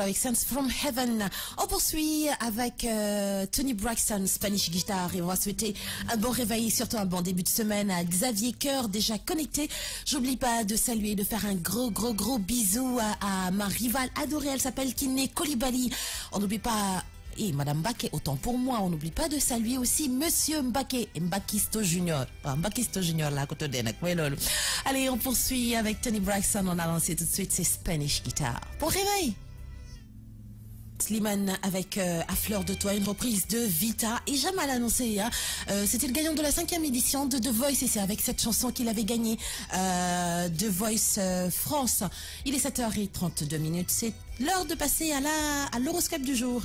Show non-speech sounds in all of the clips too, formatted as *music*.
avec Sense from Heaven. On poursuit avec euh, Tony Braxton, Spanish Guitar, et on va souhaiter un bon réveil, surtout un bon début de semaine à Xavier Coeur, déjà connecté. J'oublie pas de saluer, de faire un gros, gros, gros bisou à, ma rivale adorée, elle s'appelle Kiné Colibali. On n'oublie pas et Madame Mbake, autant pour moi, on n'oublie pas de saluer aussi Monsieur Mbake, Mbakisto Junior. Ah, Mbakisto Junior, là, à côté Allez, on poursuit avec Tony Braxton, on a lancé tout de suite ses Spanish Guitar. Bon réveil! Slimane avec euh, à fleur de toi une reprise de Vita et Jamal annoncé hein. euh, c'était le gagnant de la cinquième édition de The Voice et c'est avec cette chanson qu'il avait gagné euh, The Voice France il est 7h32 minutes c'est l'heure de passer à l'horoscope du jour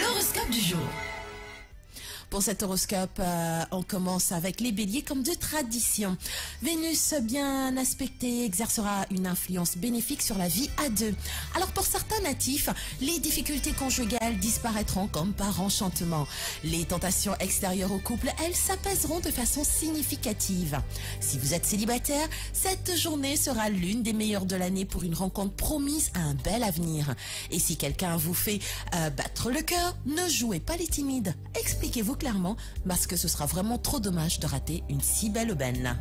l'horoscope du jour pour cet horoscope, euh, on commence avec les béliers comme de tradition. Vénus bien aspectée exercera une influence bénéfique sur la vie à deux. Alors pour certains natifs, les difficultés conjugales disparaîtront comme par enchantement. Les tentations extérieures au couple, elles s'apaiseront de façon significative. Si vous êtes célibataire, cette journée sera l'une des meilleures de l'année pour une rencontre promise à un bel avenir. Et si quelqu'un vous fait euh, battre le cœur, ne jouez pas les timides. Expliquez-vous clairement parce que ce sera vraiment trop dommage de rater une si belle aubaine.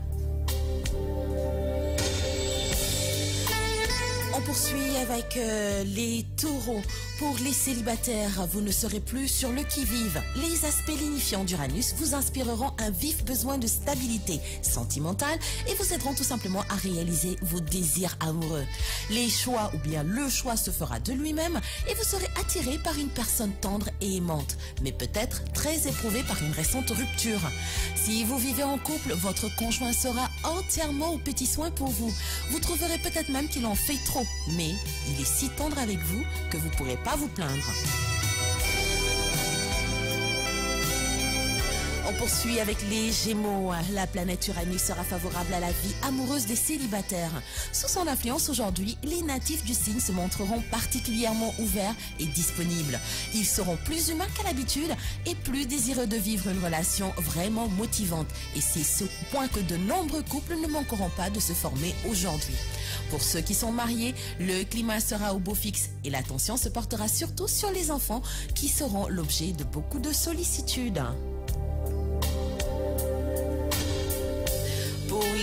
On poursuit avec euh, les taureaux. Pour les célibataires, vous ne serez plus sur le qui-vive. Les aspects lignifiants d'Uranus vous inspireront un vif besoin de stabilité sentimentale et vous aideront tout simplement à réaliser vos désirs amoureux. Les choix ou bien le choix se fera de lui-même et vous serez attiré par une personne tendre et aimante, mais peut-être très éprouvée par une récente rupture. Si vous vivez en couple, votre conjoint sera entièrement aux petits soins pour vous. Vous trouverez peut-être même qu'il en fait trop mais il est si tendre avec vous que vous ne pourrez pas vous plaindre. poursuit avec les Gémeaux. La planète Uranus sera favorable à la vie amoureuse des célibataires. Sous son influence aujourd'hui, les natifs du signe se montreront particulièrement ouverts et disponibles. Ils seront plus humains qu'à l'habitude et plus désireux de vivre une relation vraiment motivante. Et c'est ce point que de nombreux couples ne manqueront pas de se former aujourd'hui. Pour ceux qui sont mariés, le climat sera au beau fixe et l'attention se portera surtout sur les enfants qui seront l'objet de beaucoup de sollicitudes.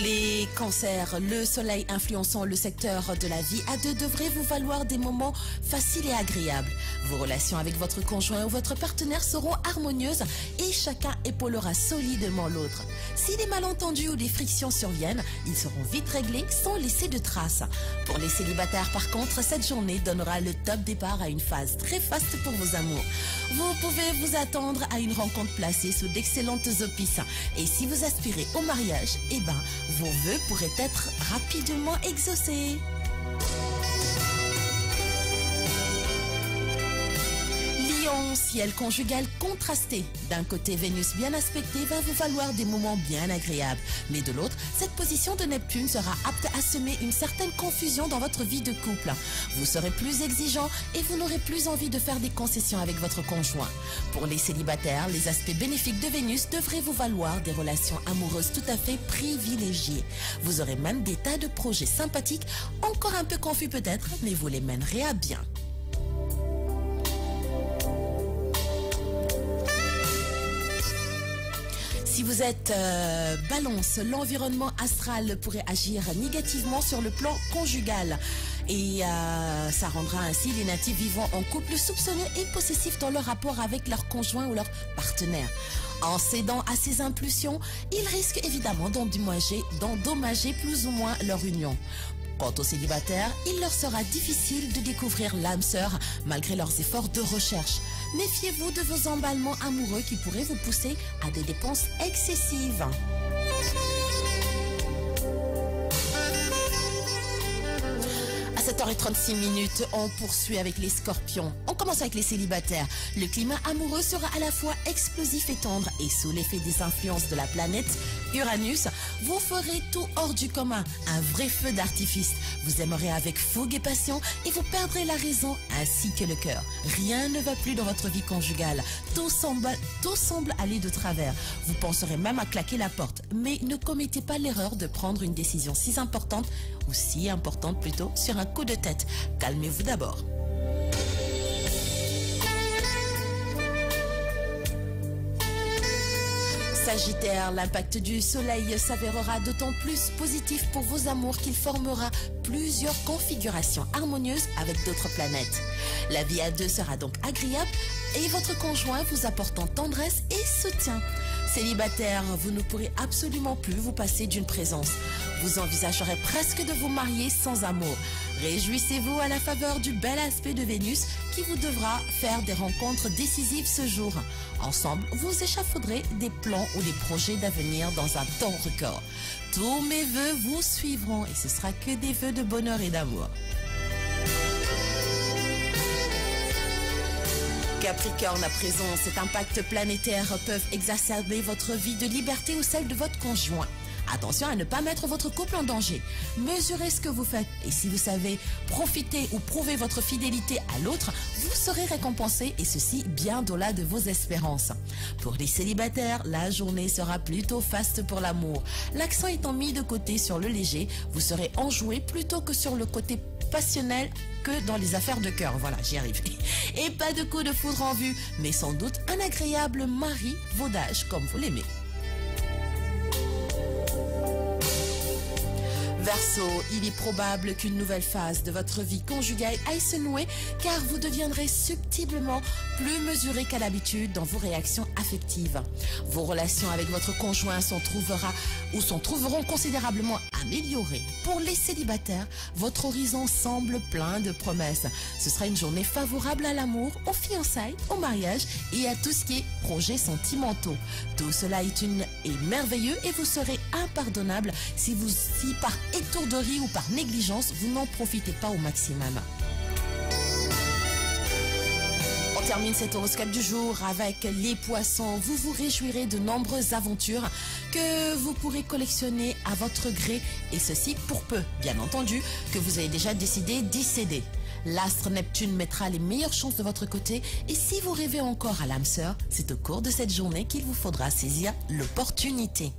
les cancers, le soleil influençant le secteur de la vie à deux devrait vous valoir des moments faciles et agréables. Vos relations avec votre conjoint ou votre partenaire seront harmonieuses et chacun épaulera solidement l'autre. Si des malentendus ou des frictions surviennent, ils seront vite réglés sans laisser de traces. Pour les célibataires, par contre, cette journée donnera le top départ à une phase très faste pour vos amours. Vous pouvez vous attendre à une rencontre placée sous d'excellentes opices. Et si vous aspirez au mariage, eh ben, vos vœux pourraient être rapidement exaucés. ciel conjugal contrasté. D'un côté, Vénus bien aspectée va vous valoir des moments bien agréables. Mais de l'autre, cette position de Neptune sera apte à semer une certaine confusion dans votre vie de couple. Vous serez plus exigeant et vous n'aurez plus envie de faire des concessions avec votre conjoint. Pour les célibataires, les aspects bénéfiques de Vénus devraient vous valoir des relations amoureuses tout à fait privilégiées. Vous aurez même des tas de projets sympathiques, encore un peu confus peut-être, mais vous les mènerez à bien. Si vous êtes euh, balance, l'environnement astral pourrait agir négativement sur le plan conjugal. Et euh, ça rendra ainsi les natifs vivant en couple soupçonnés et possessifs dans leur rapport avec leur conjoint ou leur partenaire. En cédant à ces impulsions, ils risquent évidemment d'endommager plus ou moins leur union. Quant aux célibataires, il leur sera difficile de découvrir l'âme sœur malgré leurs efforts de recherche. Méfiez-vous de vos emballements amoureux qui pourraient vous pousser à des dépenses excessives. 7h36 minutes, on poursuit avec les scorpions. On commence avec les célibataires. Le climat amoureux sera à la fois explosif et tendre et sous l'effet des influences de la planète Uranus, vous ferez tout hors du commun, un vrai feu d'artifice. Vous aimerez avec fougue et passion et vous perdrez la raison ainsi que le cœur. Rien ne va plus dans votre vie conjugale. Tout semble, tout semble aller de travers. Vous penserez même à claquer la porte, mais ne commettez pas l'erreur de prendre une décision si importante, ou si importante plutôt, sur un coup de tête. Calmez-vous d'abord. Sagittaire, l'impact du soleil s'avérera d'autant plus positif pour vos amours qu'il formera plusieurs configurations harmonieuses avec d'autres planètes. La vie à deux sera donc agréable et votre conjoint vous apportant tendresse et soutien. Célibataire, vous ne pourrez absolument plus vous passer d'une présence. Vous envisagerez presque de vous marier sans amour. Réjouissez-vous à la faveur du bel aspect de Vénus qui vous devra faire des rencontres décisives ce jour. Ensemble, vous échafauderez des plans ou des projets d'avenir dans un temps record. Tous mes voeux vous suivront et ce sera que des voeux de bonheur et d'amour. Capricorne, à présent, cet impact planétaire peut exacerber votre vie de liberté ou celle de votre conjoint. Attention à ne pas mettre votre couple en danger. Mesurez ce que vous faites et si vous savez profiter ou prouver votre fidélité à l'autre, vous serez récompensé et ceci bien au-delà de vos espérances. Pour les célibataires, la journée sera plutôt faste pour l'amour. L'accent étant mis de côté sur le léger, vous serez enjoué plutôt que sur le côté passionnel que dans les affaires de cœur. Voilà, j'y arrive. Et pas de coup de foudre en vue, mais sans doute un agréable mari vaudage comme vous l'aimez. Verso, il est probable qu'une nouvelle phase de votre vie conjugale aille se nouer car vous deviendrez subtilement plus mesuré qu'à l'habitude dans vos réactions affectives. Vos relations avec votre conjoint s'en trouvera ou s'en trouveront considérablement améliorées. Pour les célibataires, votre horizon semble plein de promesses. Ce sera une journée favorable à l'amour, aux fiançailles, au mariage et à tout ce qui est projets sentimentaux. Tout cela est, une, est merveilleux et vous serez impardonnable si vous y partez étourderie ou par négligence, vous n'en profitez pas au maximum. On termine cet horoscope du jour avec les poissons. Vous vous réjouirez de nombreuses aventures que vous pourrez collectionner à votre gré et ceci pour peu, bien entendu, que vous avez déjà décidé d'y céder. L'astre Neptune mettra les meilleures chances de votre côté et si vous rêvez encore à l'âme sœur, c'est au cours de cette journée qu'il vous faudra saisir l'opportunité.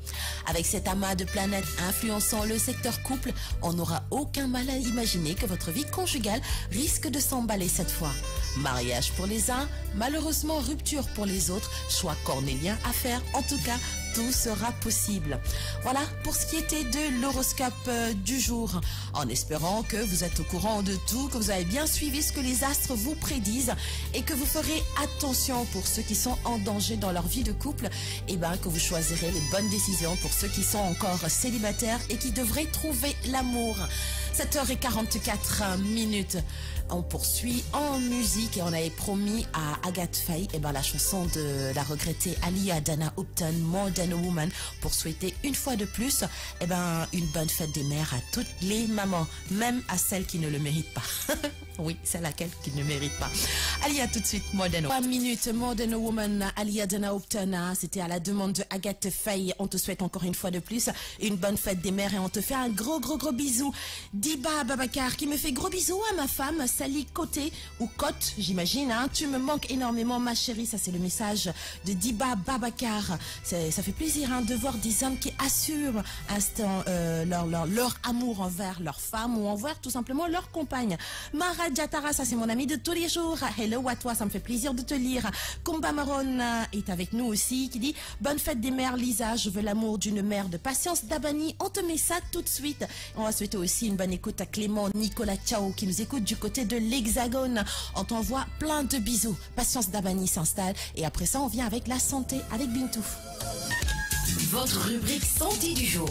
Avec cet amas de planètes influençant le secteur couple, on n'aura aucun mal à imaginer que votre vie conjugale risque de s'emballer cette fois. Mariage pour les uns, malheureusement rupture pour les autres, choix cornélien à faire en tout cas tout sera possible. Voilà pour ce qui était de l'horoscope euh, du jour. En espérant que vous êtes au courant de tout, que vous avez bien suivi ce que les astres vous prédisent et que vous ferez attention pour ceux qui sont en danger dans leur vie de couple, et eh ben que vous choisirez les bonnes décisions pour ceux qui sont encore célibataires et qui devraient trouver l'amour. 7h44 minutes on poursuit en musique et on avait promis à Agathe Fay et eh ben, la chanson de la regrettée Alia Dana Upton, More Than a Woman, pour souhaiter une fois de plus et eh ben, une bonne fête des mères à toutes les mamans, même à celles qui ne le méritent pas. *laughs* Oui, c'est laquelle qu'il ne mérite pas. Alia, tout de suite, Modern Woman. 3 minutes, Modern Woman, Alia Dana Optana. Hein, c'était à la demande de Agathe Faye. On te souhaite encore une fois de plus une bonne fête des mères et on te fait un gros, gros, gros bisou. Diba Babacar qui me fait gros bisous à ma femme, Sally Côté ou Côte, j'imagine. Hein. Tu me manques énormément, ma chérie. Ça, c'est le message de Diba Babacar. Ça fait plaisir hein, de voir des hommes qui assurent instant, euh, leur, amour envers leur femme ou envers tout simplement leur compagne ça c'est mon ami de tous les jours. Hello à toi, ça me fait plaisir de te lire. Combat Maron est avec nous aussi qui dit Bonne fête des mères, Lisa, je veux l'amour d'une mère de patience. Dabani, on te met ça tout de suite. On va souhaiter aussi une bonne écoute à Clément Nicolas Ciao qui nous écoute du côté de l'Hexagone. On t'envoie plein de bisous. Patience Dabani s'installe et après ça, on vient avec la santé avec Bintou. Votre rubrique santé du jour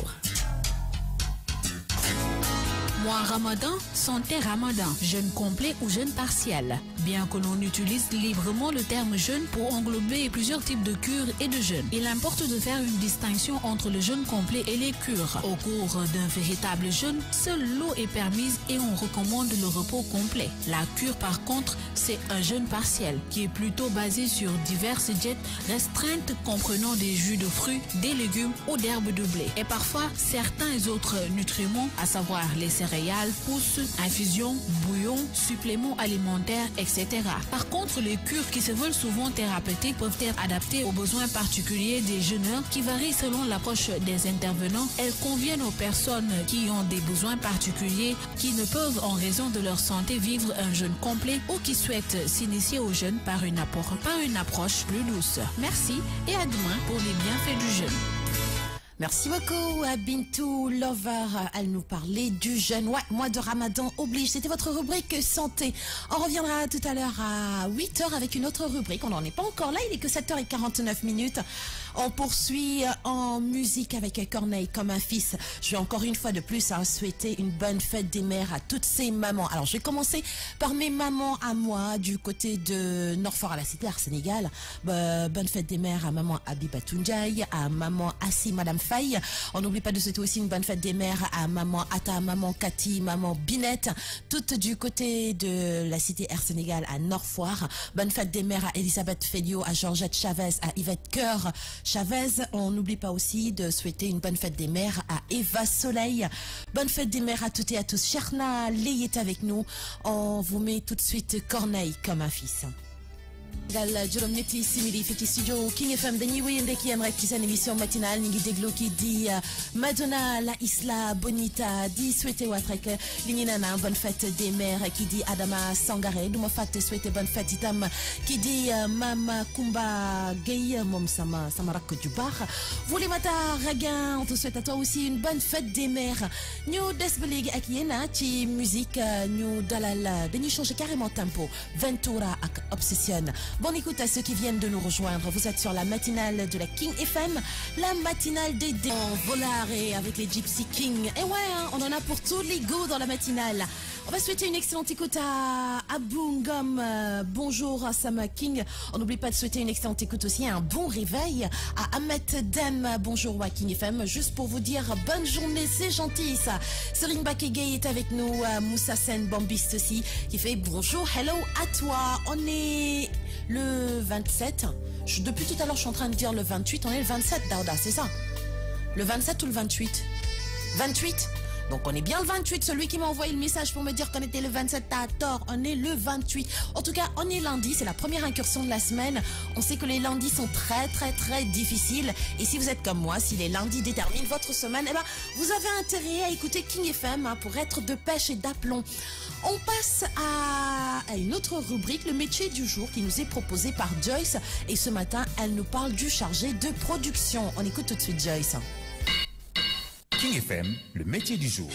en ramadan santé ramadan, jeûne complet ou jeûne partiel bien que l'on utilise librement le terme jeûne pour englober plusieurs types de cures et de jeûnes. Il importe de faire une distinction entre le jeûne complet et les cures. Au cours d'un véritable jeûne, seule l'eau est permise et on recommande le repos complet. La cure, par contre, c'est un jeûne partiel qui est plutôt basé sur diverses diètes restreintes comprenant des jus de fruits, des légumes ou d'herbes de blé. Et parfois, certains autres nutriments, à savoir les céréales, pousses, infusions, bouillons, suppléments alimentaires, etc par contre, les cures qui se veulent souvent thérapeutiques peuvent être adaptées aux besoins particuliers des jeunes qui varient selon l'approche des intervenants. Elles conviennent aux personnes qui ont des besoins particuliers, qui ne peuvent en raison de leur santé vivre un jeûne complet ou qui souhaitent s'initier au jeûne par une, par une approche plus douce. Merci et à demain pour les bienfaits du jeûne. Merci beaucoup à Bintou Lover. Elle nous parlait du jeûne. Ouais, mois de ramadan oblige. C'était votre rubrique santé. On reviendra tout à l'heure à 8h avec une autre rubrique. On n'en est pas encore là. Il est que 7h49 minutes. On poursuit euh, en musique avec Corneille comme un fils. Je vais encore une fois de plus à hein, souhaiter une bonne fête des mères à toutes ces mamans. Alors, je vais commencer par mes mamans à moi du côté de Norfort à la Cité, r Sénégal. Bah, bonne fête des mères à maman Abiba Tunjai, à maman Assi, madame Faye. On n'oublie pas de souhaiter aussi une bonne fête des mères à maman Ata, maman Cathy, maman Binette, toutes du côté de la Cité Air Sénégal à Norfoire. Bonne fête des mères à Elisabeth Felio, à Georgette Chavez, à Yvette Coeur, Chavez. On n'oublie pas aussi de souhaiter une bonne fête des mères à Eva Soleil. Bonne fête des mères à toutes et à tous. Cherna Layez est avec nous. On vous met tout de suite Corneille comme un fils gal juróom ñetti simili fii ci studio King FM dañuy wéyande ak yéen rek ci seen émission matinale ñu ngi déglu di eh, Madonna la Isla Bonita di souhaité waat rek li bonne fête des mères qui dit Adama Sangare du ma souhaitez souhaité bonne fête itam qui di eh, Mama Kumba gay moom sama sama rakk ju baax. Voulimata Raguin on te souhaite à toi aussi une bonne fête des mères ñu des ba léegi ak yéen ah, ci musique ñu euh, dalal dañuy changer carrément tempo Ventura ak Obsession. Bon, écoute à ceux qui viennent de nous rejoindre. Vous êtes sur la matinale de la King FM, la matinale des dents volare avec les Gypsy King. Et ouais, hein, on en a pour tous les goûts dans la matinale. On va souhaiter une excellente écoute à Abungom. Euh, bonjour à Sam King. On n'oublie pas de souhaiter une excellente écoute aussi un bon réveil à Ahmed Dem. Bonjour Waking FM. Juste pour vous dire bonne journée, c'est gentil ça. Serine Bakegay est avec nous. Euh, Moussa Sen Bambiste aussi qui fait bonjour, hello à toi. On est le 27. depuis tout à l'heure, je suis en train de dire le 28. On est le 27, Dauda, c'est ça Le 27 ou le 28 28 donc on est bien le 28. Celui qui m'a envoyé le message pour me dire qu'on était le 27, t'as tort. On est le 28. En tout cas, on est lundi. C'est la première incursion de la semaine. On sait que les lundis sont très, très, très difficiles. Et si vous êtes comme moi, si les lundis déterminent votre semaine, eh ben, vous avez intérêt à écouter King FM hein, pour être de pêche et d'aplomb. On passe à une autre rubrique, le métier du jour qui nous est proposé par Joyce. Et ce matin, elle nous parle du chargé de production. On écoute tout de suite Joyce. King FM, le métier du jour.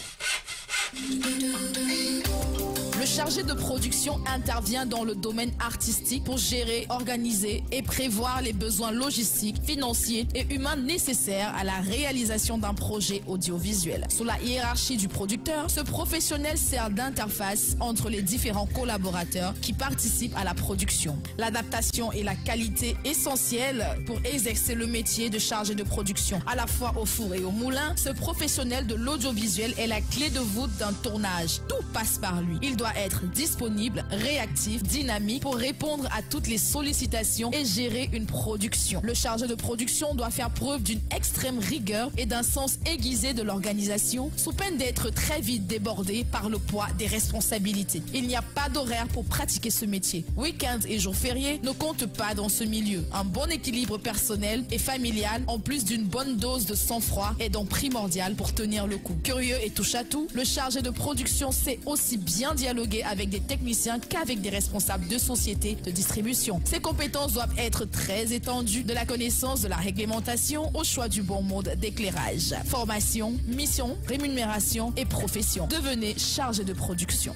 Le chargé de production intervient dans le domaine artistique pour gérer, organiser et prévoir les besoins logistiques, financiers et humains nécessaires à la réalisation d'un projet audiovisuel. Sous la hiérarchie du producteur, ce professionnel sert d'interface entre les différents collaborateurs qui participent à la production. L'adaptation est la qualité essentielle pour exercer le métier de chargé de production. À la fois au four et au moulin, ce professionnel de l'audiovisuel est la clé de voûte d'un tournage. Tout passe par lui. Il doit être disponible, réactif, dynamique pour répondre à toutes les sollicitations et gérer une production. Le chargé de production doit faire preuve d'une extrême rigueur et d'un sens aiguisé de l'organisation sous peine d'être très vite débordé par le poids des responsabilités. Il n'y a pas d'horaire pour pratiquer ce métier. Week-ends et jours fériés ne comptent pas dans ce milieu. Un bon équilibre personnel et familial en plus d'une bonne dose de sang-froid est donc primordial pour tenir le coup. Curieux et touche à tout, le chargé de production sait aussi bien dialoguer avec des techniciens qu'avec des responsables de sociétés de distribution. Ces compétences doivent être très étendues, de la connaissance de la réglementation au choix du bon mode d'éclairage. Formation, mission, rémunération et profession. Devenez chargé de production.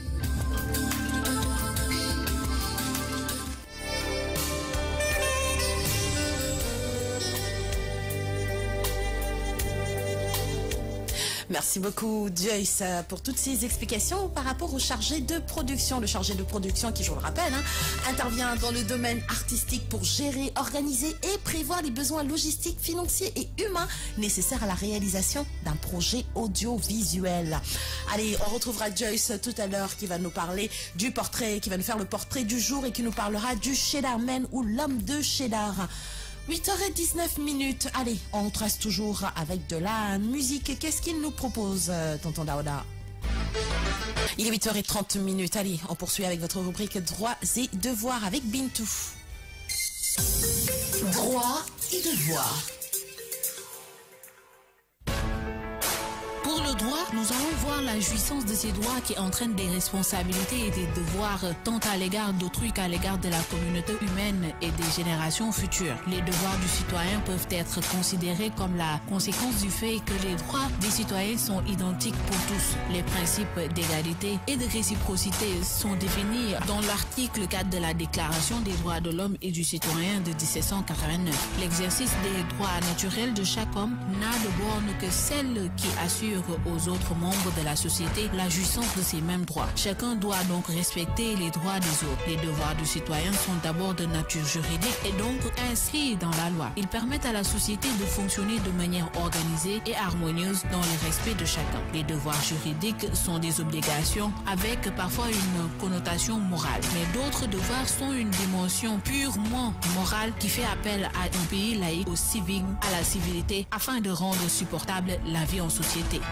Merci beaucoup, Joyce, pour toutes ces explications par rapport au chargé de production. Le chargé de production, qui, je vous le rappelle, hein, intervient dans le domaine artistique pour gérer, organiser et prévoir les besoins logistiques, financiers et humains nécessaires à la réalisation d'un projet audiovisuel. Allez, on retrouvera Joyce tout à l'heure qui va nous parler du portrait, qui va nous faire le portrait du jour et qui nous parlera du Shedar Men ou l'homme de Shedar. 8h19 minutes. Allez, on trace toujours avec de la musique. Qu'est-ce qu'il nous propose, euh, tonton Daoda Il est 8h30 minutes. Allez, on poursuit avec votre rubrique Droits et devoirs avec Bintou. Droits et devoirs. le droit, nous allons voir la jouissance de ces droits qui entraîne des responsabilités et des devoirs tant à l'égard d'autrui qu'à l'égard de la communauté humaine et des générations futures. Les devoirs du citoyen peuvent être considérés comme la conséquence du fait que les droits des citoyens sont identiques pour tous. Les principes d'égalité et de réciprocité sont définis dans l'article 4 de la Déclaration des droits de l'homme et du citoyen de 1789. L'exercice des droits naturels de chaque homme n'a de borne que celle qui assure aux autres membres de la société la jouissance de ces mêmes droits. Chacun doit donc respecter les droits des autres. Les devoirs du citoyen sont d'abord de nature juridique et donc inscrits dans la loi. Ils permettent à la société de fonctionner de manière organisée et harmonieuse dans le respect de chacun. Les devoirs juridiques sont des obligations avec parfois une connotation morale, mais d'autres devoirs sont une dimension purement morale qui fait appel à un pays laïque, au civisme, à la civilité, afin de rendre supportable la vie en société.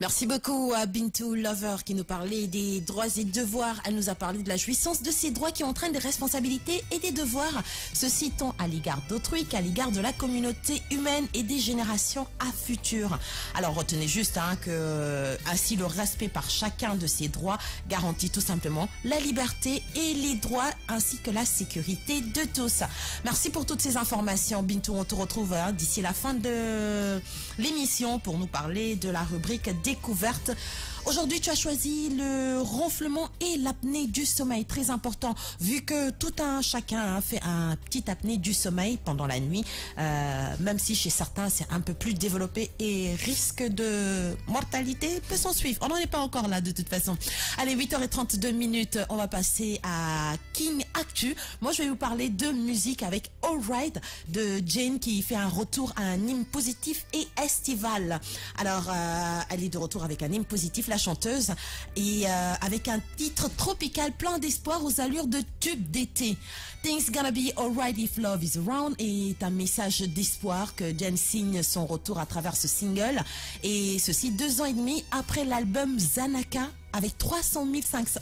Merci beaucoup à Bintou Lover qui nous parlait des droits et devoirs. Elle nous a parlé de la jouissance de ces droits qui entraînent des responsabilités et des devoirs. Ceci tant à l'égard d'autrui qu'à l'égard de la communauté humaine et des générations à futur. Alors retenez juste hein, que euh, ainsi le respect par chacun de ces droits garantit tout simplement la liberté et les droits ainsi que la sécurité de tous. Merci pour toutes ces informations. Bintou, on te retrouve hein, d'ici la fin de l'émission pour nous parler de la rubrique découverte Aujourd'hui, tu as choisi le ronflement et l'apnée du sommeil. Très important, vu que tout un chacun a fait un petit apnée du sommeil pendant la nuit, euh, même si chez certains, c'est un peu plus développé et risque de mortalité peut s'en suivre. On n'en est pas encore là, de toute façon. Allez, 8h32 minutes, on va passer à King Actu. Moi, je vais vous parler de musique avec All Right de Jane qui fait un retour à un hymne positif et estival. Alors, euh, elle est de retour avec un hymne positif chanteuse, et euh, avec un titre tropical plein d'espoir aux allures de tube d'été. Things Gonna Be Alright If Love Is Around est un message d'espoir que Jen signe son retour à travers ce single, et ceci deux ans et demi après l'album Zanaka avec 300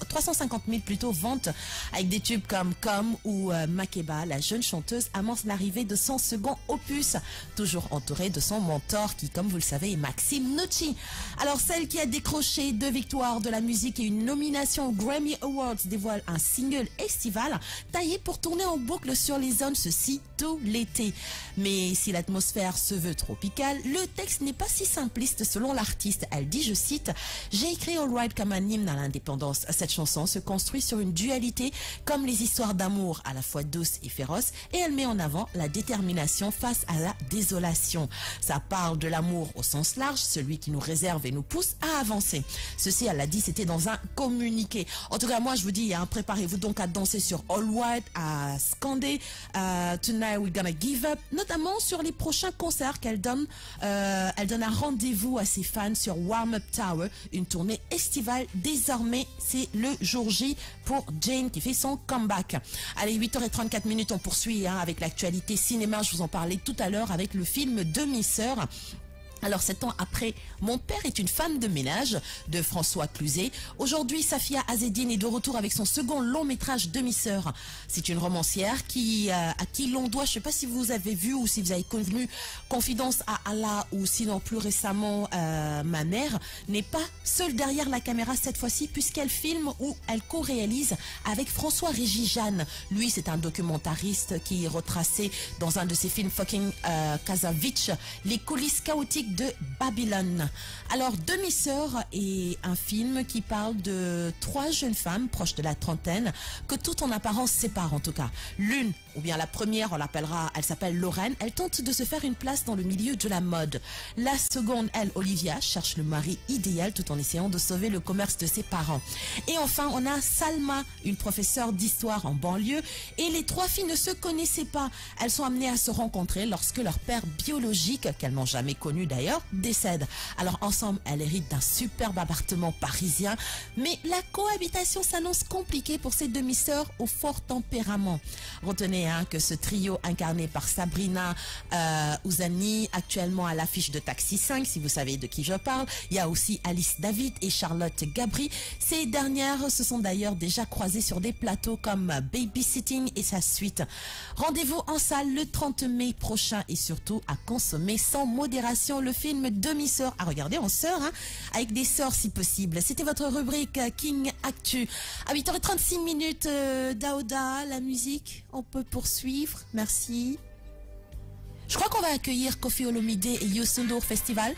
350 000 plutôt ventes avec des tubes comme Comme ou euh, Makeba. La jeune chanteuse amance l'arrivée de son second opus, toujours entourée de son mentor qui, comme vous le savez, est Maxime Nucci. Alors celle qui a décroché deux victoires de la musique et une nomination aux Grammy Awards dévoile un single estival taillé pour tourner en boucle sur les zones, ceci tout l'été. Mais si l'atmosphère se veut tropicale, le texte n'est pas si simpliste selon l'artiste. Elle dit, je cite, j'ai écrit All Right Come un hymne à l'indépendance. Cette chanson se construit sur une dualité comme les histoires d'amour à la fois douce et féroce et elle met en avant la détermination face à la désolation. Ça parle de l'amour au sens large, celui qui nous réserve et nous pousse à avancer. Ceci, elle l'a dit, c'était dans un communiqué. En tout cas, moi, je vous dis, hein, préparez-vous donc à danser sur All White, à scander euh, Tonight We're Gonna Give Up, notamment sur les prochains concerts qu'elle donne. Euh, elle donne un rendez-vous à ses fans sur Warm Up Tower, une tournée estivale désormais, c'est le jour J pour Jane qui fait son comeback. Allez, 8h34 minutes, on poursuit hein, avec l'actualité cinéma. Je vous en parlais tout à l'heure avec le film Demi-sœur alors, sept ans après, mon père est une femme de ménage de François Cluzet. Aujourd'hui, Safia Azedine est de retour avec son second long métrage Demi-sœur. C'est une romancière qui, euh, à qui l'on doit, je ne sais pas si vous avez vu ou si vous avez convenu, Confidence à Allah ou sinon plus récemment euh, Ma mère, n'est pas seule derrière la caméra cette fois-ci puisqu'elle filme ou elle co-réalise avec François Régis Jeanne. Lui, c'est un documentariste qui est retracé dans un de ses films Fucking euh, Kazavitch, les coulisses chaotiques de Babylone. Alors, Demi-sœur est un film qui parle de trois jeunes femmes proches de la trentaine que tout en apparence sépare, en tout cas. L'une ou bien la première, on l'appellera, elle s'appelle Lorraine, elle tente de se faire une place dans le milieu de la mode. La seconde, elle, Olivia, cherche le mari idéal tout en essayant de sauver le commerce de ses parents. Et enfin, on a Salma, une professeure d'histoire en banlieue, et les trois filles ne se connaissaient pas. Elles sont amenées à se rencontrer lorsque leur père biologique, qu'elles n'ont jamais connu d'ailleurs, décède. Alors ensemble, elles héritent d'un superbe appartement parisien, mais la cohabitation s'annonce compliquée pour ces demi-sœurs au fort tempérament. Retenez Hein, que ce trio incarné par Sabrina euh, Ouzani, actuellement à l'affiche de Taxi 5, si vous savez de qui je parle, il y a aussi Alice David et Charlotte Gabri. Ces dernières se sont d'ailleurs déjà croisées sur des plateaux comme Babysitting et sa suite. Rendez-vous en salle le 30 mai prochain et surtout à consommer sans modération le film Demi-sœur à ah, regarder en sœur, hein, avec des sœurs si possible. C'était votre rubrique euh, King Actu. À 8h36 minutes, euh, Daoda, la musique, on peut poursuivre. Merci. Je crois qu'on va accueillir Kofi Olomide et Yosundur Festival.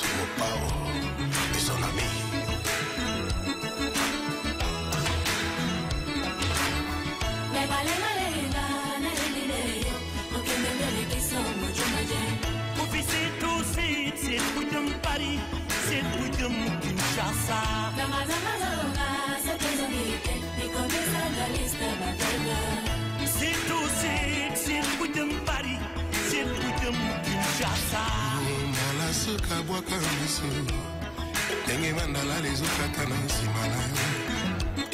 to a bowl. ebwaka miso ndenge mandalala ezokata na nsima na yo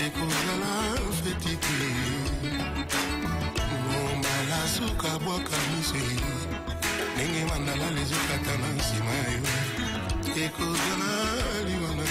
ekozala feti te mbala suka bwaka miso ndenge mandalala ezokata na nsima ya yo ekozala liwa na yo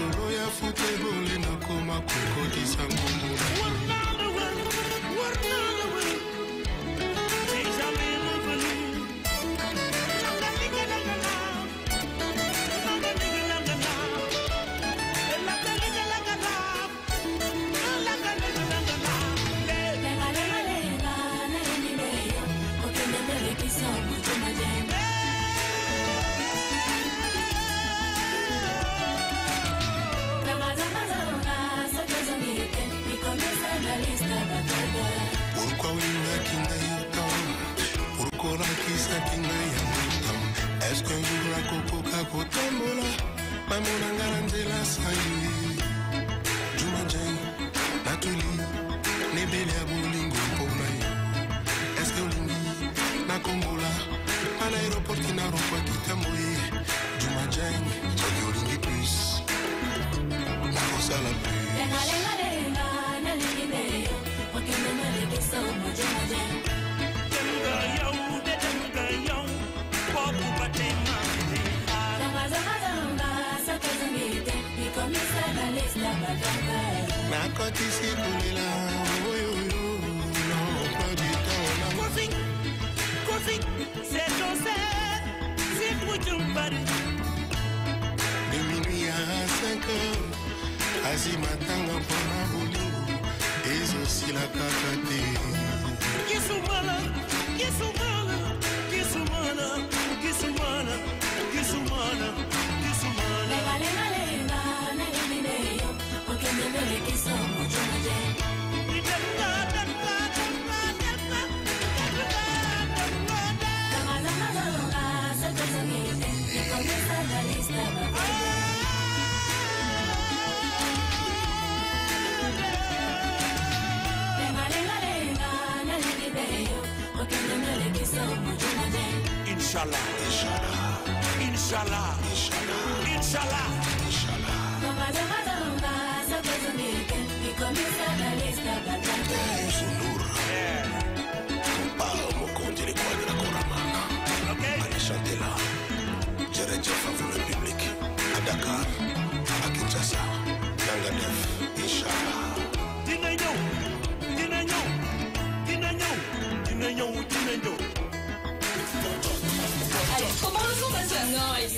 solo ya futa eboli nakoma kokodisa ngomula jusqu'en bourg nakokoka kotambola mamonanga na nzela sangi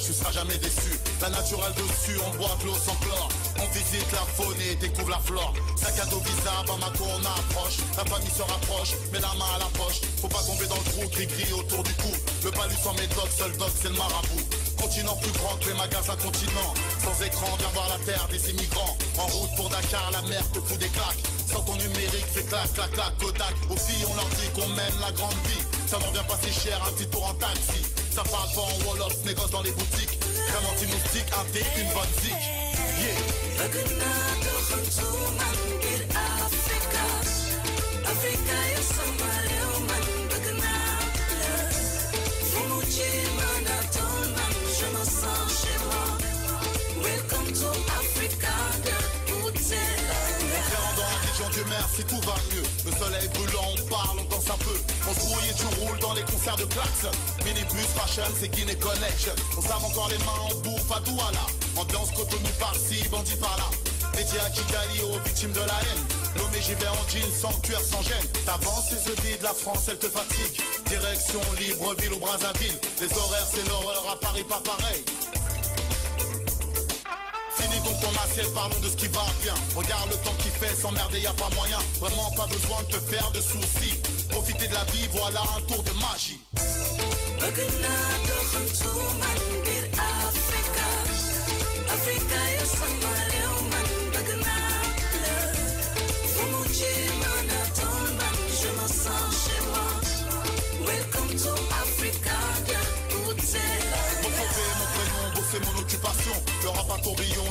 tu seras jamais déçu. La naturelle dessus, on boit de l'eau sans clore On visite la faune et découvre la flore. Sac à dos bizarre, Bamako on approche. La famille se rapproche, mais la main à la poche. Faut pas tomber dans le trou, gris gris autour du cou. Le palu sans méthode, seul doc c'est le marabout. Continent plus grand que les magasins continent. Sans écran, viens voir la terre des immigrants. En route pour Dakar, la mer te fout des claques. Sans ton numérique, c'est clac, clac, clac, Kodak. Aussi, on leur dit qu'on mène la grande vie. Ça n'en vient pas si cher, un petit tour en taxi ça parle pas en Wolof, négoce dans les boutiques. Crème anti-moustique, un thé, une bonne zik. Yeah. Africa. si tout va mieux. Le soleil brûlant, on parle, on danse un peu. On se brouille et tu roules dans les concerts de Klaxon. Minibus, fashion, c'est Guinée Connection. On s'avance encore les mains, en bouffe à Douala. Ambiance cotonou par-ci, bandit par-là. Média qui Kigali aux victimes de la haine. Nommé j'y vais en jean, sans cuir, sans gêne. T'avances et se dit de la France, elle te fatigue. Direction Libreville ou Brazzaville. Les horaires, c'est l'horreur, à Paris, pas pareil donc on assiette, parlons de ce qui va bien Regarde le temps qui fait, s'emmerder y a pas moyen Vraiment pas besoin de te faire de soucis Profiter de la vie, voilà un tour de magie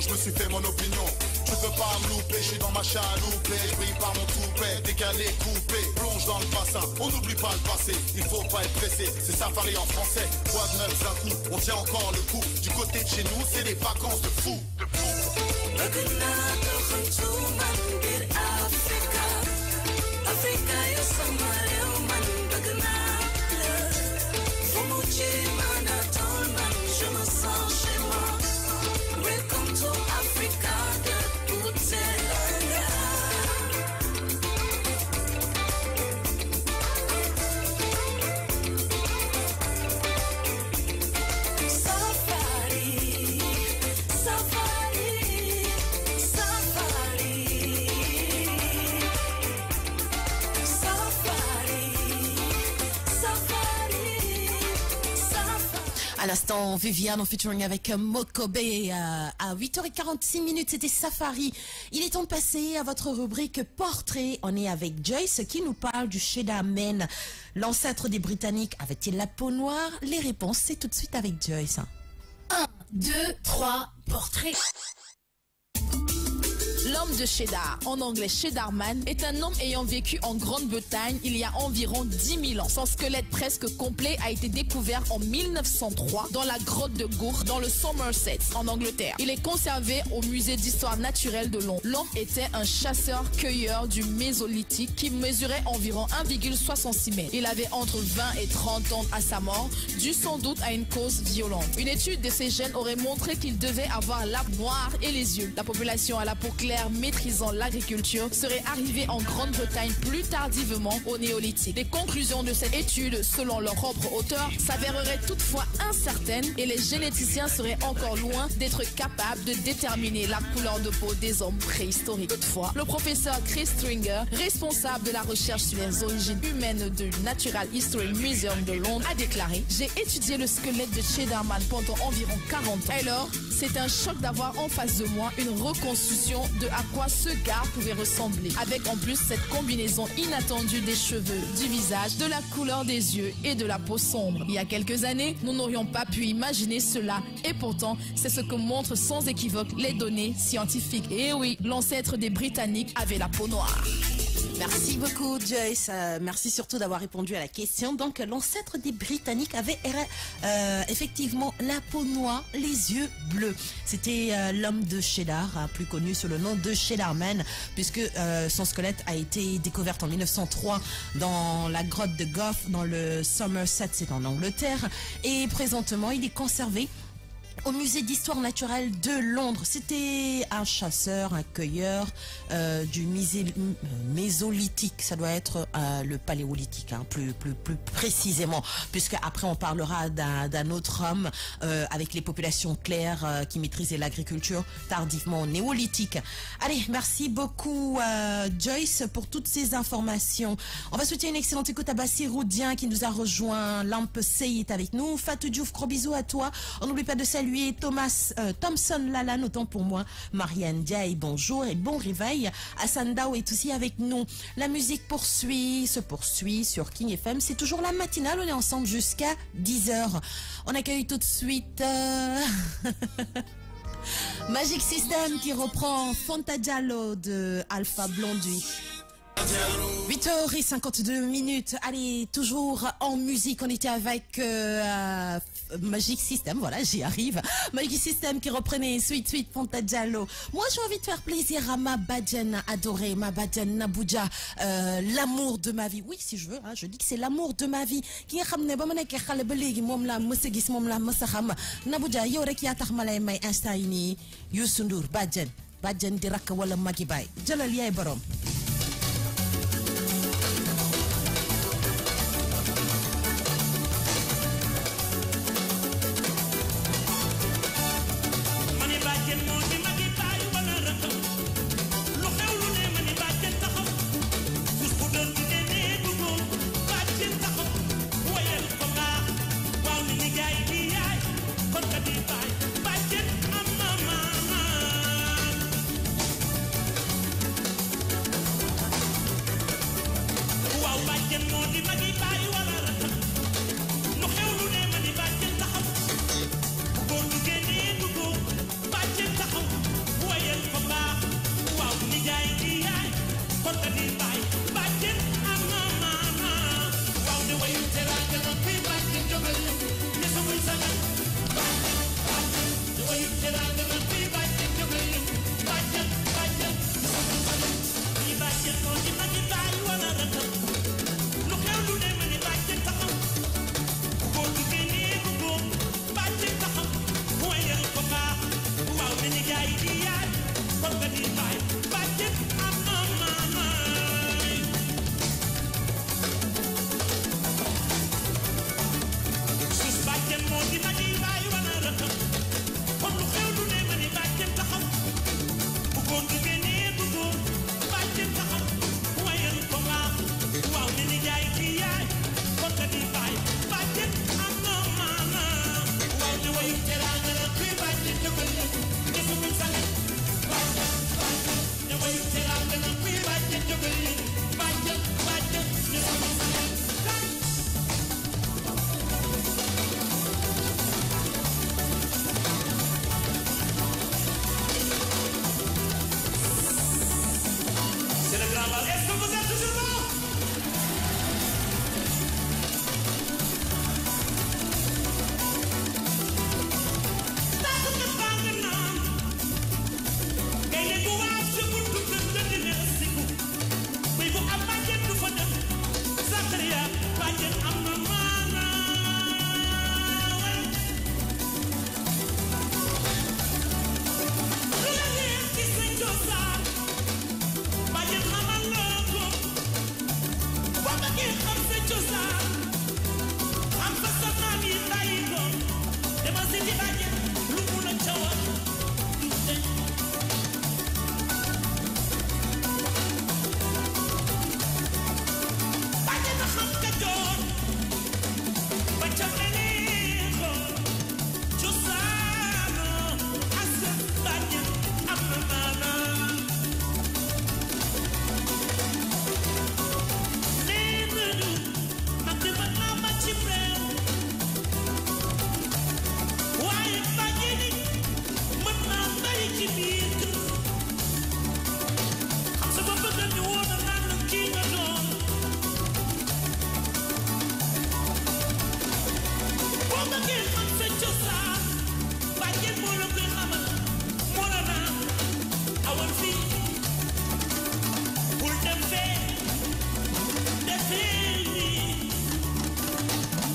je me suis fait mon opinion. Tu peux pas me louper, je dans ma chaloupe, je par mon toupet, décalé, coupé, plonge dans le bassin, on n'oublie pas le passé, il faut pas être pressé, c'est ça parler en français, quoi de neuf coup, on tient encore le coup, du côté de chez nous, c'est les vacances de fou, de fou. l'instant, Viviane en featuring avec euh, Mokobe euh, à 8h46 minutes. C'était Safari. Il est temps de passer à votre rubrique portrait. On est avec Joyce qui nous parle du Sheda Men. L'ancêtre des Britanniques avait-il la peau noire Les réponses, c'est tout de suite avec Joyce. 1, 2, 3, portrait. L'homme de Cheddar, en anglais Cheddar est un homme ayant vécu en Grande-Bretagne il y a environ 10 000 ans. Son squelette presque complet a été découvert en 1903 dans la grotte de Gour, dans le Somerset, en Angleterre. Il est conservé au musée d'histoire naturelle de Londres. L'homme était un chasseur-cueilleur du Mésolithique qui mesurait environ 1,66 mètres. Il avait entre 20 et 30 ans à sa mort, dû sans doute à une cause violente. Une étude de ses gènes aurait montré qu'il devait avoir la noire et les yeux. La population à la peau claire maîtrisant l'agriculture serait arrivé en Grande-Bretagne plus tardivement au néolithique. Les conclusions de cette étude, selon leur propre auteur, s'avéreraient toutefois incertaines et les généticiens seraient encore loin d'être capables de déterminer la couleur de peau des hommes préhistoriques. Toutefois, le professeur Chris Stringer, responsable de la recherche sur les origines humaines du Natural History Museum de Londres, a déclaré « J'ai étudié le squelette de Cheddarman pendant environ 40 ans. Alors, c'est un choc d'avoir en face de moi une reconstruction de à quoi ce gars pouvait ressembler. Avec en plus cette combinaison inattendue des cheveux, du visage, de la couleur des yeux et de la peau sombre. Il y a quelques années, nous n'aurions pas pu imaginer cela. Et pourtant, c'est ce que montrent sans équivoque les données scientifiques. Et eh oui, l'ancêtre des Britanniques avait la peau noire. Merci beaucoup Joyce, euh, merci surtout d'avoir répondu à la question. Donc l'ancêtre des Britanniques avait euh, euh, effectivement la peau noire, les yeux bleus. C'était l'homme de Cheddar, hein, plus connu sous le nom de Shellarman, puisque son squelette a été découvert en 1903 dans la grotte de Goff, dans le Somerset, c'est en Angleterre. Et présentement, il est conservé au musée d'histoire naturelle de Londres. C'était un chasseur, un cueilleur euh, du euh, mésolithique. Ça doit être euh, le paléolithique, hein, plus, plus, plus précisément, puisque après on parlera d'un autre homme avec les populations claires qui maîtrisaient l'agriculture tardivement néolithique. Allez, merci beaucoup Joyce pour toutes ces informations. On va souhaiter une excellente écoute à Bassi Roudien qui nous a rejoint. Lampe Sey est avec nous. Fatou Diouf, gros bisous à toi. On n'oublie pas de saluer et Thomas euh, Thompson Lala, autant pour moi Marianne Diaye, bonjour et bon réveil. Hassan est aussi avec nous. La musique poursuit, se poursuit sur King FM. C'est toujours la matinale, on est ensemble jusqu'à 10h. On accueille tout de suite... Euh, *laughs* Magic System qui reprend Fantagiallo de Alpha Blondie. 8h52 minutes. Allez, toujours en musique. On était avec euh, euh, Magic System, voilà, j'y arrive. Magic System qui reprenait Sweet Sweet Pontagiallo. Moi, j'ai envie de faire plaisir à ma Badjana, adorée, ma Badjana nabuja, euh, l'amour de ma vie. Oui, si je veux, hein, je dis que c'est l'amour de ma vie. Qui est ba ma nekké xalé ba légui mom la mëssa gis mom la mëssa xam. Nabouja yow rek ya tax may instant yi ni Youssou Ndour di rak wala magi bay. Jëlal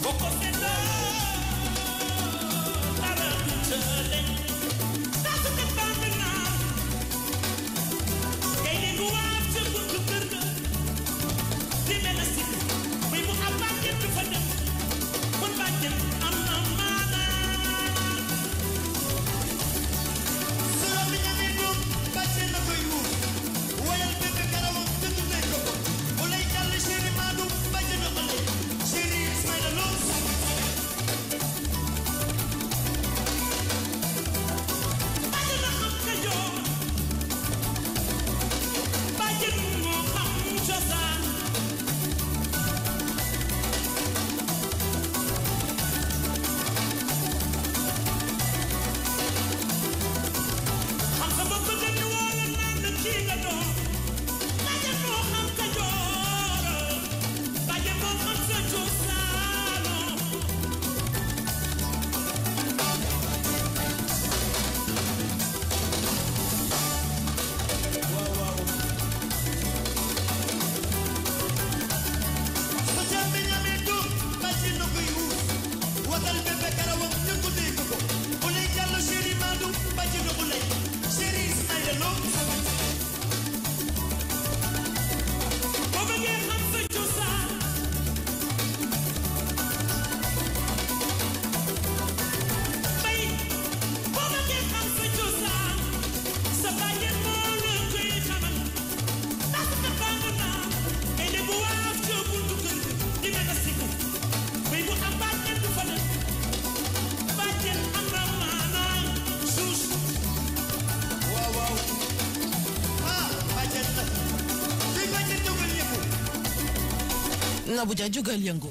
Poco se nga bu jaju gal yengu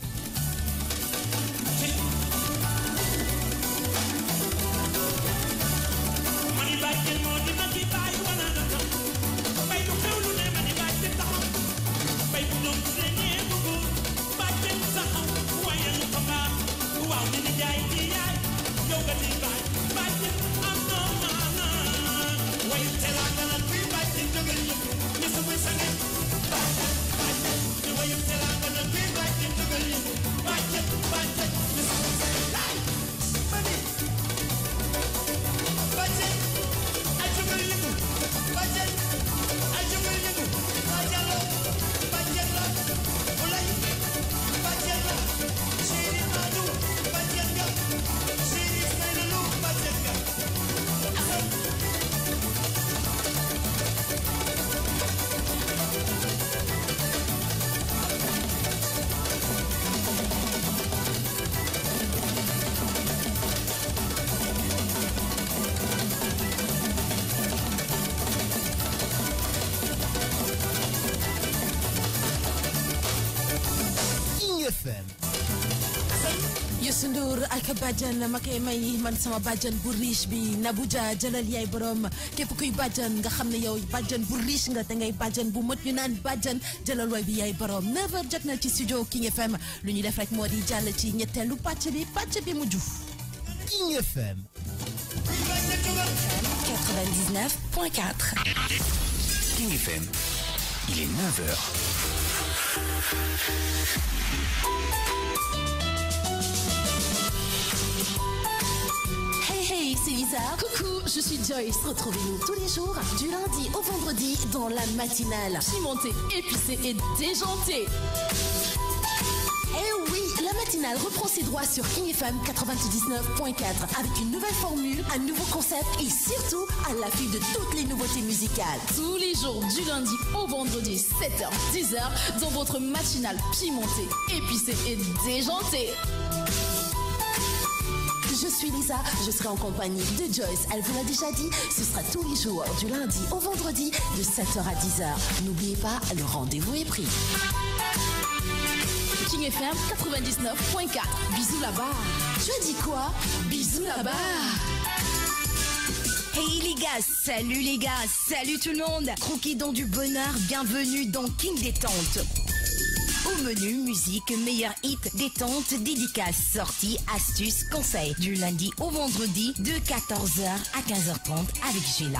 bàjjan ma may man sama badjan bu riche bi nabuja jëlal yay borom képp kuy badjan nga xam yow badjan bu riche nga te ngay badjan bu mët ñu naan badjan jëlal way bi yay borom 9h jot ci studio King FM lu ñu def rek modi jall ci ñettelu patch bi patch bi mu juf King FM 99.4 King FM il est 9h Coucou, je suis Joyce. Retrouvez-nous tous les jours, du lundi au vendredi, dans la matinale. Pimentée, épicée et déjantée. et eh oui, la matinale reprend ses droits sur KingFM 99.4 avec une nouvelle formule, un nouveau concept et surtout à l'affût de toutes les nouveautés musicales. Tous les jours, du lundi au vendredi, 7h, 10h, dans votre matinale pimentée, épicée et déjantée. Je suis Lisa, je serai en compagnie de Joyce, elle vous l'a déjà dit, ce sera tous les jours du lundi au vendredi de 7h à 10h. N'oubliez pas, le rendez-vous est pris. King FM 99.4. Bisous là-bas. Je dis quoi Bisous là-bas. Hey les gars, salut les gars, salut tout le monde. Croquis dans du bonheur, bienvenue dans King Détente menu, musique, meilleurs hits, détente, dédicace, sorties, astuces, conseils. Du lundi au vendredi, de 14h à 15h30 avec Gila.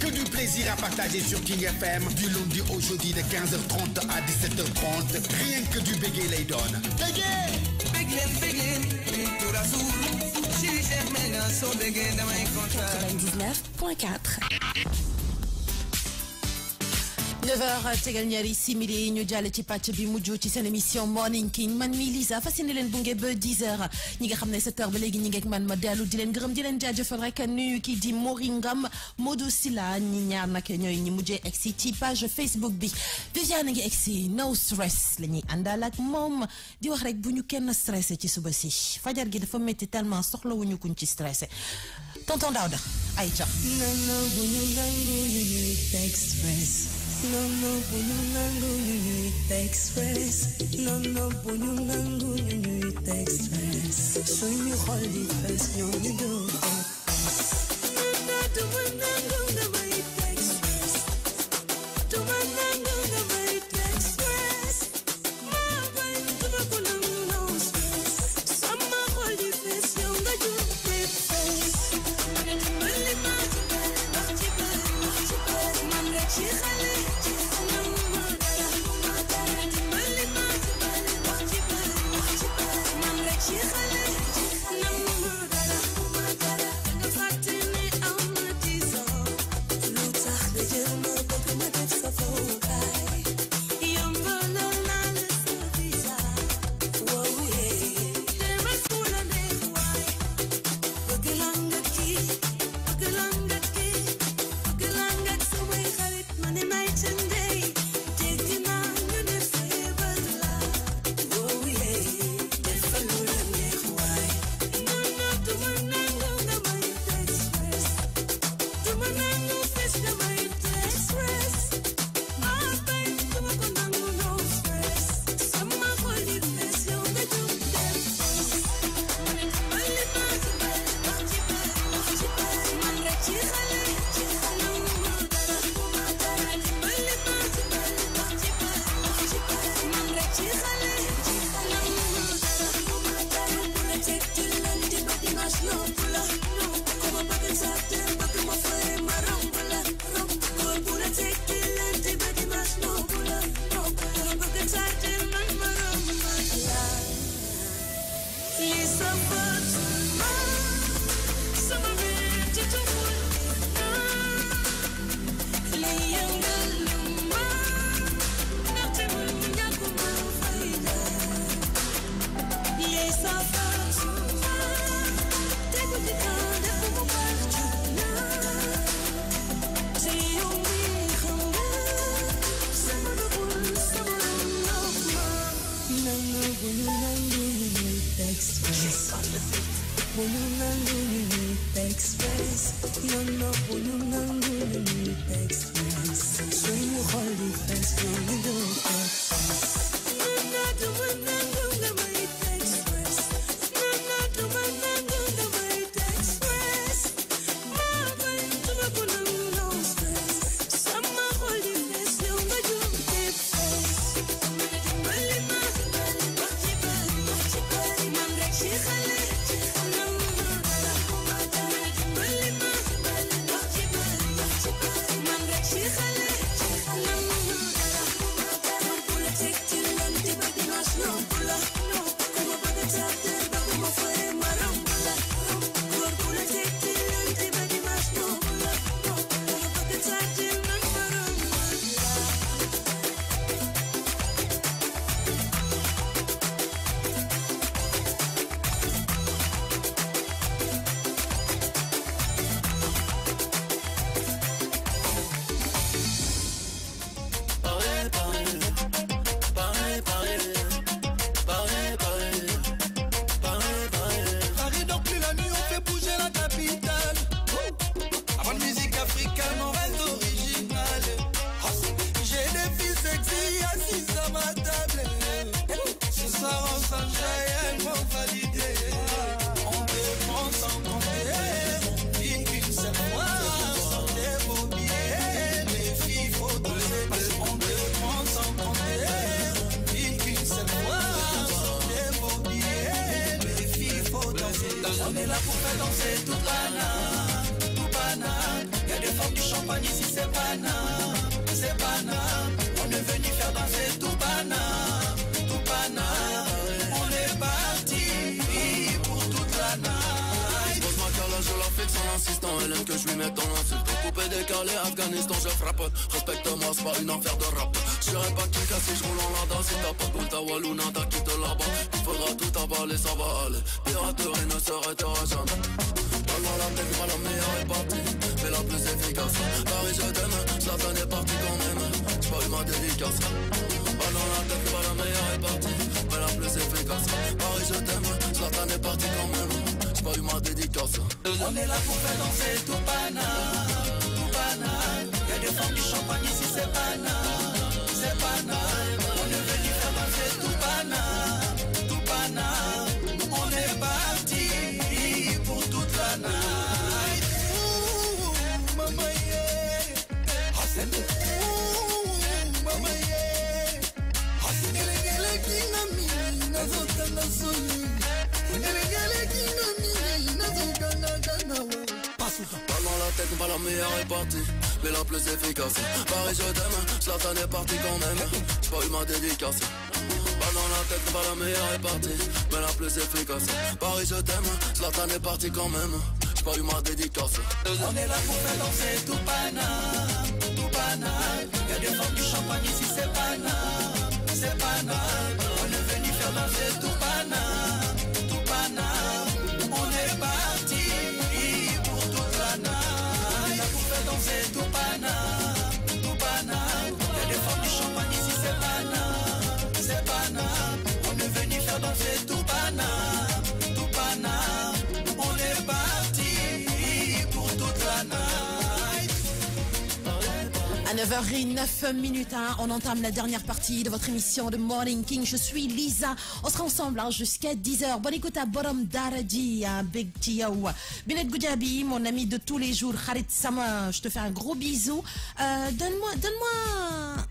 que du plaisir à partager sur King FM du lundi au jeudi de 15h30 à 17h30. Rien que du bégay Laydon. donne Bégay. Bég 99.4 9h tegal ñaari simili yi ñu jàll ci pàcc bi mujj ci seen émission Morning King man mi Lisa fas yéene leen bunge ba 10h ñi nga xam ne 7h ba léegi ñi ngeek man ma dellu di leen gërëm di leen jaajëfal rek nuyu kii di Moringam Modou ñi ñaar nag ñooy ñi mujjee egsi ci page Facebook bi Viviane ngi egsi no stress la ñuy àndal ak moom di wax rek bu ñu kenn stressé ci suba si fajar gi dafa métti tellement soxlawuñu kuñ ci stressé tonton da ay ca No, no, bunyungangu nyunyu no, nono bunyungangu nyunyu express suñu xol di fess ñoo ñu do express nono bunyungangu When you hold it fast, when you look at us. c'est banal, c'est banal On est venu faire danser tout banal tout banal On est parti pour toute la night. Pose ma calage, je la fixe en insistant. Elle aime que je lui mette en insulte. Coupé, décalé, Afghanistan, je frappe. Respecte-moi, c'est pas une affaire de rap. J'irai pas qu'il casse si je roule en la Si t'as pas de ta Wallouna, t'as quitté là-bas. Il faudra tout avaler, ça va aller. Piraterie ne s'arrêtera jamais. Dans la tête, la meilleure est partie mais la plus efficace Paris je t'aime, la fin est partie quand même J'suis pas ma dédicace Pas dans la tête, pas la meilleure est partie Mais la plus efficace Paris je t'aime, la fin est partie quand même J'suis pas ma dédicace On est là pour faire danser tout banal Tout banal Y'a des femmes du champagne ici c'est banal C'est banal Pas dans la tête pas la meilleure est partie Mais la plus efficace Paris je t'aime, Slatan est parti quand même J'ai pas eu ma dédicace Pas dans la tête pas la meilleure est partie Mais la plus efficace Paris je t'aime, Slatan est parti quand même J'ai pas eu ma dédicace On est là pour faire danser tout banal Tout banal Y'a des femmes du champagne ici c'est banal C'est banal Hace tu À 9h09 minutes, hein, on entame la dernière partie de votre émission de Morning King. Je suis Lisa. On sera ensemble hein, jusqu'à 10h. Bon, écoute à Borom Daradi, Big Tiaou. Binet Goudjabi, mon ami de tous les jours, Khalid Sama, je te fais un gros bisou. Euh, donne-moi, donne-moi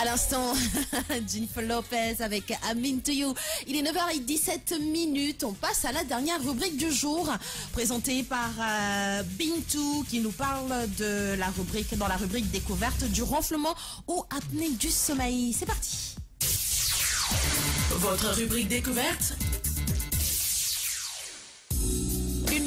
À l'instant, *laughs* Jennifer Lopez avec Amin to You. Il est 9h17 minutes. On passe à la dernière rubrique du jour, présentée par euh, Bintou, qui nous parle de la rubrique, dans la rubrique découverte du renflement ou apnée du sommeil. C'est parti. Votre rubrique découverte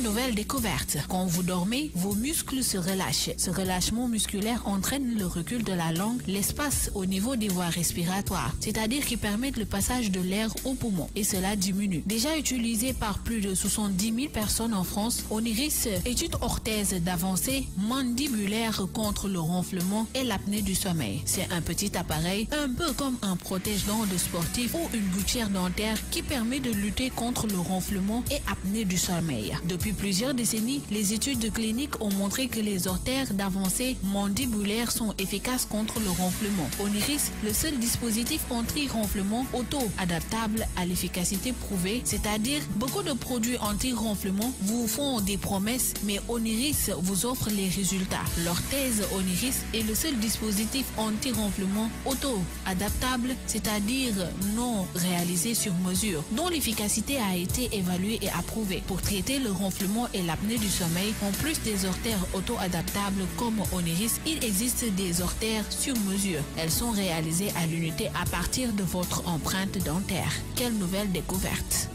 nouvelle découverte. Quand vous dormez, vos muscles se relâchent. Ce relâchement musculaire entraîne le recul de la langue, l'espace au niveau des voies respiratoires, c'est-à-dire qui permettent le passage de l'air aux poumons et cela diminue. Déjà utilisé par plus de 70 000 personnes en France, Oniris est une orthèse d'avancée mandibulaire contre le ronflement et l'apnée du sommeil. C'est un petit appareil un peu comme un protège-dents de sportif ou une gouttière dentaire qui permet de lutter contre le ronflement et apnée du sommeil. Depuis plusieurs décennies, les études cliniques ont montré que les ortères d'avancée mandibulaire sont efficaces contre le ronflement. Oniris, le seul dispositif anti-ronflement auto-adaptable à l'efficacité prouvée, c'est-à-dire beaucoup de produits anti-ronflement vous font des promesses, mais Oniris vous offre les résultats. L'orthèse Oniris est le seul dispositif anti-ronflement auto-adaptable, c'est-à-dire non réalisé sur mesure, dont l'efficacité a été évaluée et approuvée pour traiter le ronflement et l'apnée du sommeil, en plus des ortères auto-adaptables comme Oniris, il existe des ortères sur mesure. Elles sont réalisées à l'unité à partir de votre empreinte dentaire. Quelle nouvelle découverte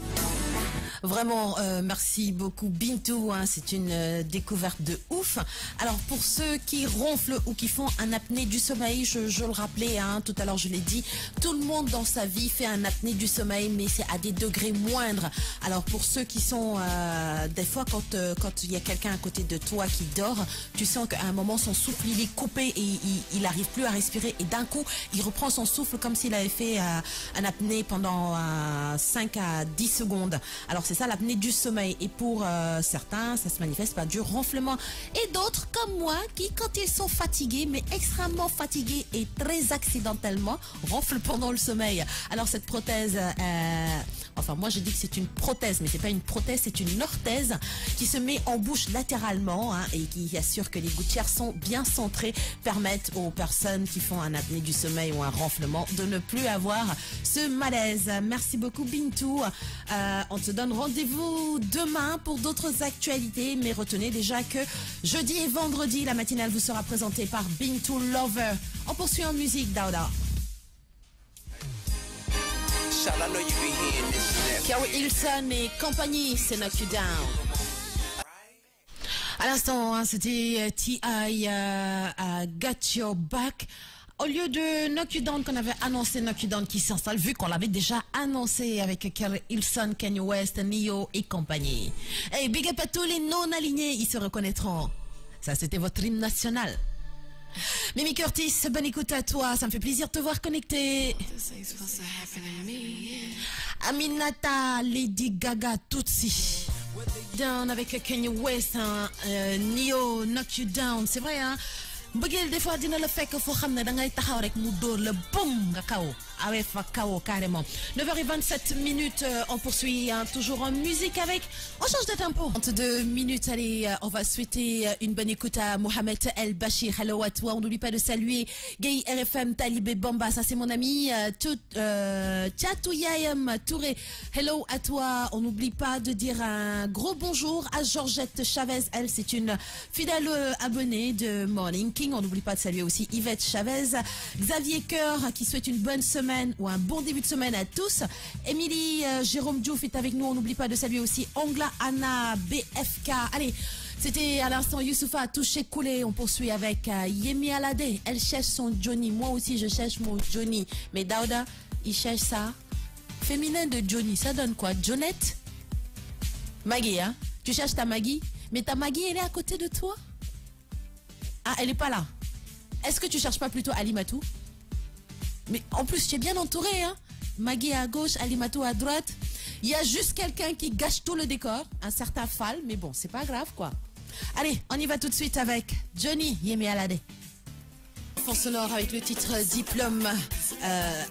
Vraiment, euh, merci beaucoup Bintou. Hein, c'est une euh, découverte de ouf. Alors pour ceux qui ronflent ou qui font un apnée du sommeil, je, le rappelais hein, tout à l'heure, je l'ai dit, tout le monde dans sa vie fait un apnée du sommeil, mais c'est à des degrés moindres. Alors pour ceux qui sont euh, des fois quand quand il y a quelqu'un à côté de toi qui dort, tu sens qu'à un moment son souffle il est coupé et il n'arrive plus à respirer et d'un coup il reprend son souffle comme s'il avait fait un apnée pendant 5 à 10 secondes. Alors c'est ça l'apnée du sommeil. Et pour euh, certains, ça se manifeste par du ronflement. Et d'autres, comme moi, qui quand ils sont fatigués, mais extrêmement fatigués et très accidentellement, *laughs* ronflent pendant le sommeil. Alors cette prothèse... Euh, Enfin, moi, je dis que c'est une prothèse, mais c'est pas une prothèse, c'est une orthèse qui se met en bouche latéralement hein, et qui assure que les gouttières sont bien centrées, permettent aux personnes qui font un apnée du sommeil ou un renflement de ne plus avoir ce malaise. Merci beaucoup, Bintou. Euh, on se donne rendez-vous demain pour d'autres actualités, mais retenez déjà que jeudi et vendredi, la matinale vous sera présentée par Bintou Lover. En poursuit en musique, Dauda. Carl Hilson et compagnie, c'est Knock You Down. À l'instant, hein, c'était T.I. Euh, euh Got Your Back. Au lieu de Knock You Down qu'on avait annoncé, Knock You Down qui s'installe, vu qu'on l'avait déjà annoncé avec Kerry Hilson, Kanye West, Neo et compagnie. Et eh, big up à tous les non-alignés, ils se reconnaîtront. Ça, c'était votre hymne national. Mimi Curtis, bonne écoute à toi. Ça me fait plaisir de te voir connecté. Aminata, Lady Gaga, Tutsi. Down avec Kanye West, hein, euh, Neo, Knock You Down. C'est vrai, hein? mbëggeel des fois dina le fait que xam ne da ngay taxaw rek mu dóor la bum nga carrément. 9h27 minutes, euh, on poursuit hein, toujours en musique avec. On change de tempo. 22 minutes, allez, euh, on va souhaiter euh, une bonne écoute à Mohamed El Bachir. Hello à toi, on n'oublie pas de saluer Gay RFM Talibé Bamba, ça c'est mon ami. Tchatouyayem Touré. Hello à toi, on n'oublie pas de dire un gros bonjour à Georgette Chavez. Elle, c'est une fidèle abonnée de Morning King. On n'oublie pas de saluer aussi Yvette Chavez. Xavier Coeur qui souhaite une bonne semaine ou un bon début de semaine à tous. Emily, euh, Jérôme Diouf est avec nous. On n'oublie pas de saluer aussi Angla, Anna, BFK. Allez, c'était à l'instant Youssoufa, touché, coulé. On poursuit avec euh, Yemi Alade. Elle cherche son Johnny. Moi aussi, je cherche mon Johnny. Mais Dauda, il cherche ça. Féminin de Johnny, ça donne quoi Jonette Maggie, hein? Tu cherches ta Maggie Mais ta Maggie, elle est à côté de toi Ah, elle est pas là. Est-ce que tu cherches pas plutôt Ali Matou mais en plus, tu es bien entouré. Hein? Maggie à gauche, Alimato à droite. Il y a juste quelqu'un qui gâche tout le décor, un certain Fall, mais bon, c'est pas grave quoi. Allez, on y va tout de suite avec Johnny Yemi Alade avec le titre Diplôme. Euh,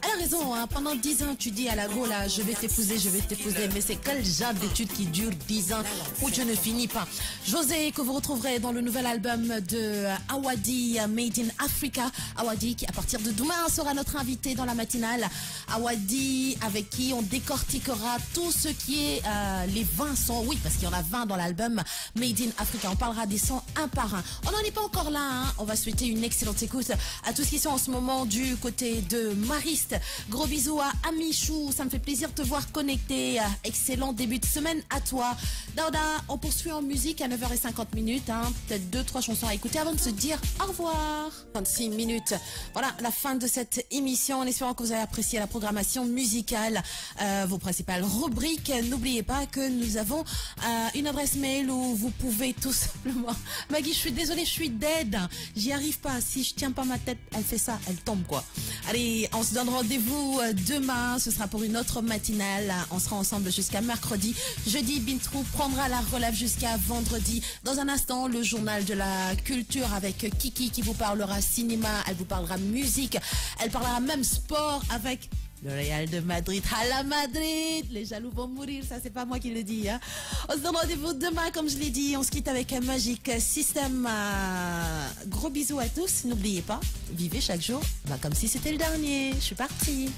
elle a raison, hein. pendant 10 ans, tu dis à la go, je vais t'épouser, je vais t'épouser. Mais c'est quel genre d'études qui dure 10 ans où tu ne finis pas José, que vous retrouverez dans le nouvel album de Awadi, Made in Africa. Awadi, qui à partir de demain sera notre invité dans la matinale. Awadi, avec qui on décortiquera tout ce qui est euh, les 20 sons. Oui, parce qu'il y en a 20 dans l'album Made in Africa. On parlera des sons un par un. On n'en est pas encore là, hein. on va souhaiter une excellente écoute à tous ceux qui sont en ce moment du côté de Mariste. Gros bisous à Amichou, ça me fait plaisir de te voir connecté. Excellent début de semaine à toi. Dauda, on poursuit en musique à 9h50 minutes. Hein. Peut-être deux, trois chansons à écouter avant de se dire au revoir. 26 minutes. Voilà la fin de cette émission. En espérant que vous avez apprécié la programmation musicale, euh, vos principales rubriques. N'oubliez pas que nous avons euh, une adresse mail où vous pouvez tout *laughs* simplement. Maggie, je suis désolée, je suis dead. J'y arrive pas. Si je tiens pas ma tête, elle fait ça, elle tombe quoi. Allez, on se donne rendez-vous euh, demain. Ce sera pour une autre matinale. On sera ensemble jusqu'à mercredi. Jeudi, Bintrou prendra la relève jusqu'à vendredi. Dans un instant, le journal de la culture avec Kiki qui vous parlera cinéma. Elle vous parlera musique. Elle parlera même sport avec le Real de Madrid, à la Madrid Les jaloux vont mourir, ça c'est pas moi qui le dis. Hein. On se donne rendez-vous demain, comme je l'ai dit. On se quitte avec un magique système. Euh, gros bisous à tous. N'oubliez pas, vivez chaque jour bah, comme si c'était le dernier. Je suis partie.